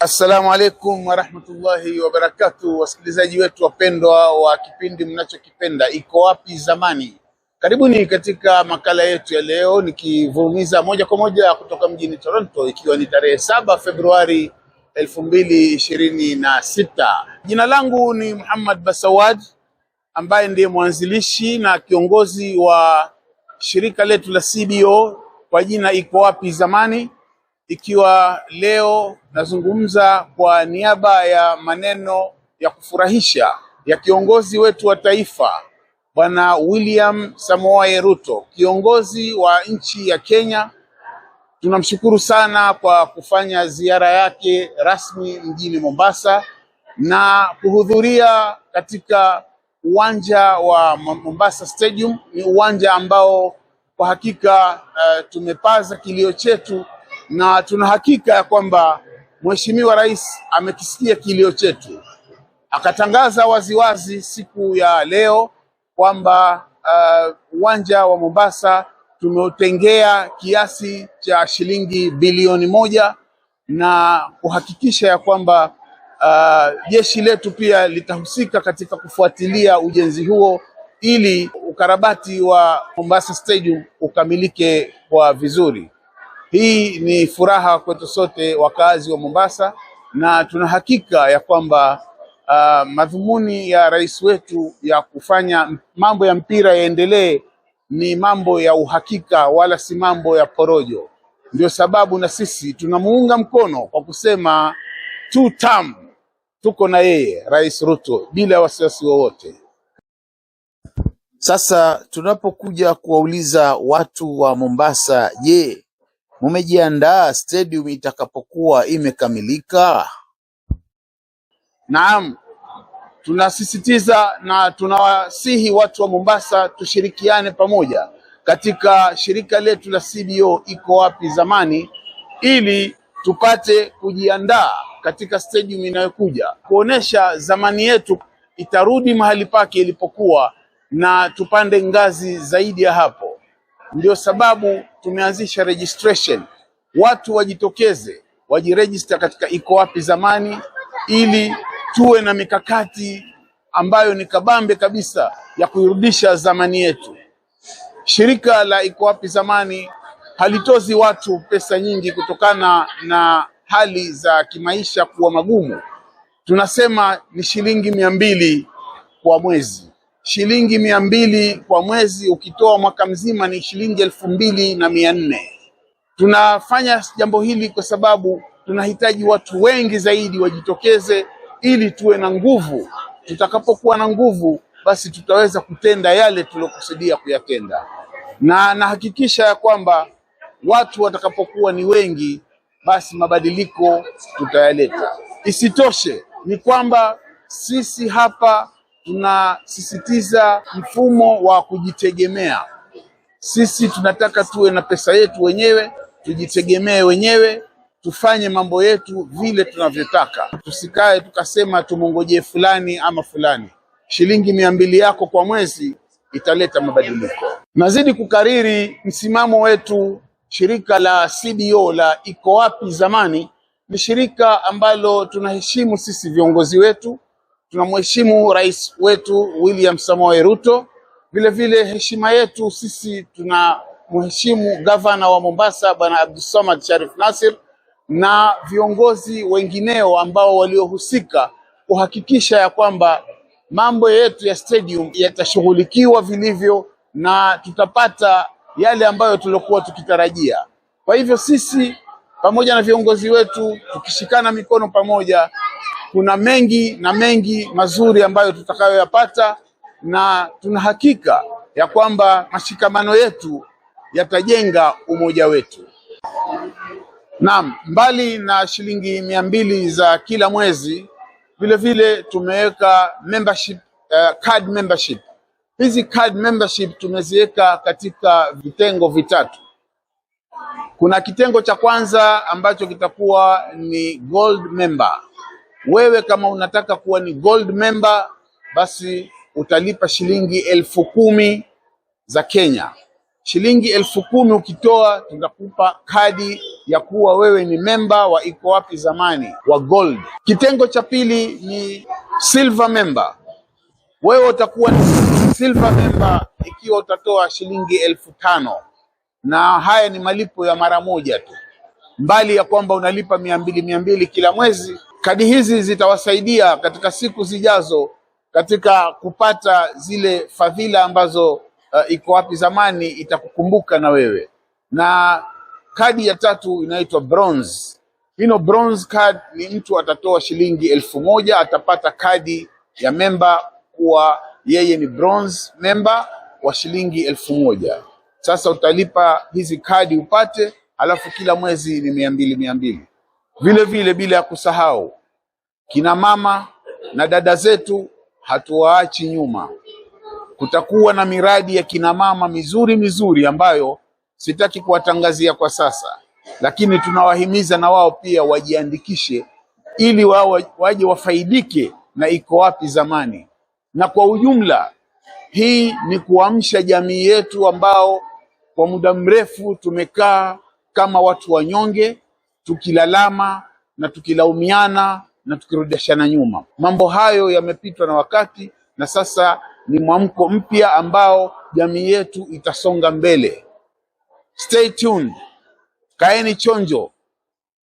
Assalamu alaikum warahmatullahi wabarakatu wasikilizaji wetu wapendwa wa kipindi mnachokipenda Iko Wapi Zamani. Karibuni katika makala yetu ya leo, nikivumiza moja kwa moja kutoka mjini Toronto, ikiwa ni tarehe saba Februari elfu mbili ishirini na sita. Jina langu ni Muhammad Basawad ambaye ndiye mwanzilishi na kiongozi wa shirika letu la CBO kwa jina Iko Wapi Zamani ikiwa leo nazungumza kwa niaba ya maneno ya kufurahisha ya kiongozi wetu wa taifa Bwana William Samoei Ruto, kiongozi wa nchi ya Kenya. Tunamshukuru sana kwa kufanya ziara yake rasmi mjini Mombasa na kuhudhuria katika uwanja wa Mombasa Stadium. Ni uwanja ambao kwa hakika uh, tumepaza kilio chetu na tuna hakika ya kwamba Mheshimiwa Rais amekisikia kilio chetu, akatangaza waziwazi wazi siku ya leo kwamba uh, uwanja uh, wa Mombasa tumeutengea kiasi cha shilingi bilioni moja na kuhakikisha ya kwamba uh, jeshi letu pia litahusika katika kufuatilia ujenzi huo ili ukarabati wa Mombasa Stadium ukamilike kwa vizuri. Hii ni furaha kwetu sote wakazi wa Mombasa, na tuna hakika ya kwamba uh, madhumuni ya rais wetu ya kufanya mambo ya mpira yaendelee ni mambo ya uhakika, wala si mambo ya porojo. Ndio sababu na sisi tunamuunga mkono kwa kusema two term, tuko na yeye Rais Ruto bila wasiwasi wowote. Sasa tunapokuja kuwauliza watu wa Mombasa, je, Mumejiandaa stadium itakapokuwa imekamilika? Naam, tunasisitiza na tunawasihi watu wa Mombasa tushirikiane pamoja katika shirika letu la CBO Iko Wapi Zamani, ili tupate kujiandaa katika stadium inayokuja kuonesha zamani yetu itarudi mahali pake ilipokuwa na tupande ngazi zaidi ya hapo. Ndio sababu tumeanzisha registration, watu wajitokeze wajirejista katika Iko Wapi Zamani, ili tuwe na mikakati ambayo ni kabambe kabisa ya kuirudisha zamani yetu. Shirika la Iko Wapi Zamani halitozi watu pesa nyingi kutokana na hali za kimaisha kuwa magumu. Tunasema ni shilingi mia mbili kwa mwezi shilingi mia mbili kwa mwezi, ukitoa mwaka mzima ni shilingi elfu mbili na mia nne. Tunafanya jambo hili kwa sababu tunahitaji watu wengi zaidi wajitokeze, ili tuwe na nguvu. Tutakapokuwa na nguvu, basi tutaweza kutenda yale tuliokusudia kuyatenda, na nahakikisha ya kwamba watu watakapokuwa ni wengi, basi mabadiliko tutayaleta. Isitoshe ni kwamba sisi hapa tunasisitiza mfumo wa kujitegemea. Sisi tunataka tuwe na pesa yetu wenyewe, tujitegemee wenyewe, tufanye mambo yetu vile tunavyotaka. Tusikae tukasema tumongojee fulani ama fulani. Shilingi mia mbili yako kwa mwezi italeta mabadiliko. Nazidi kukariri msimamo wetu. Shirika la CBO la Iko Wapi Zamani ni shirika ambalo tunaheshimu sisi viongozi wetu tunamheshimu rais wetu William Samoei Ruto. Vilevile heshima yetu sisi tunamheshimu gavana wa Mombasa Bwana Abdulsamad Sharif Nasir na viongozi wengineo ambao waliohusika kuhakikisha ya kwamba mambo yetu ya stadium yatashughulikiwa vilivyo na tutapata yale ambayo tuliokuwa tukitarajia. Kwa hivyo sisi pamoja na viongozi wetu tukishikana mikono pamoja kuna mengi na mengi mazuri ambayo tutakayoyapata, na tuna hakika ya kwamba mashikamano yetu yatajenga umoja wetu. Naam, mbali na shilingi mia mbili za kila mwezi, vilevile tumeweka membership, uh, card membership. Hizi card membership tumeziweka katika vitengo vitatu. Kuna kitengo cha kwanza ambacho kitakuwa ni gold member wewe kama unataka kuwa ni gold member, basi utalipa shilingi elfu kumi za Kenya. Shilingi elfu kumi ukitoa, tutakupa kadi ya kuwa wewe ni memba wa Iko Wapi Zamani wa gold. Kitengo cha pili ni silver member. Wewe utakuwa silver member ikiwa utatoa shilingi elfu tano na haya ni malipo ya mara moja tu, mbali ya kwamba unalipa mia mbili mia mbili kila mwezi Kadi hizi zitawasaidia katika siku zijazo katika kupata zile fadhila ambazo uh, iko wapi zamani itakukumbuka na wewe. Na kadi ya tatu inaitwa bronze. Hino bronze card ni mtu atatoa shilingi elfu moja atapata kadi ya memba kuwa yeye ni bronze memba wa shilingi elfu moja. Sasa utalipa hizi kadi upate, alafu kila mwezi ni mia mbili mia mbili. Vile vile bila ya kusahau kina mama na dada zetu hatuwaachi nyuma. Kutakuwa na miradi ya kina mama mizuri mizuri ambayo sitaki kuwatangazia kwa sasa, lakini tunawahimiza na wao pia wajiandikishe ili wao waje wafaidike na Iko Wapi Zamani. Na kwa ujumla, hii ni kuamsha jamii yetu ambao kwa muda mrefu tumekaa kama watu wanyonge tukilalama na tukilaumiana na tukirudishana nyuma. Mambo hayo yamepitwa na wakati, na sasa ni mwamko mpya ambao jamii yetu itasonga mbele. Stay tuned, kaeni chonjo,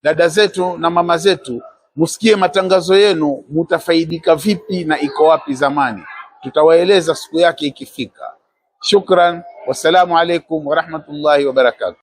dada zetu na mama zetu, musikie matangazo yenu, mutafaidika vipi na iko wapi zamani. Tutawaeleza siku yake ikifika. Shukran, wassalamu alaikum warahmatullahi wabarakatu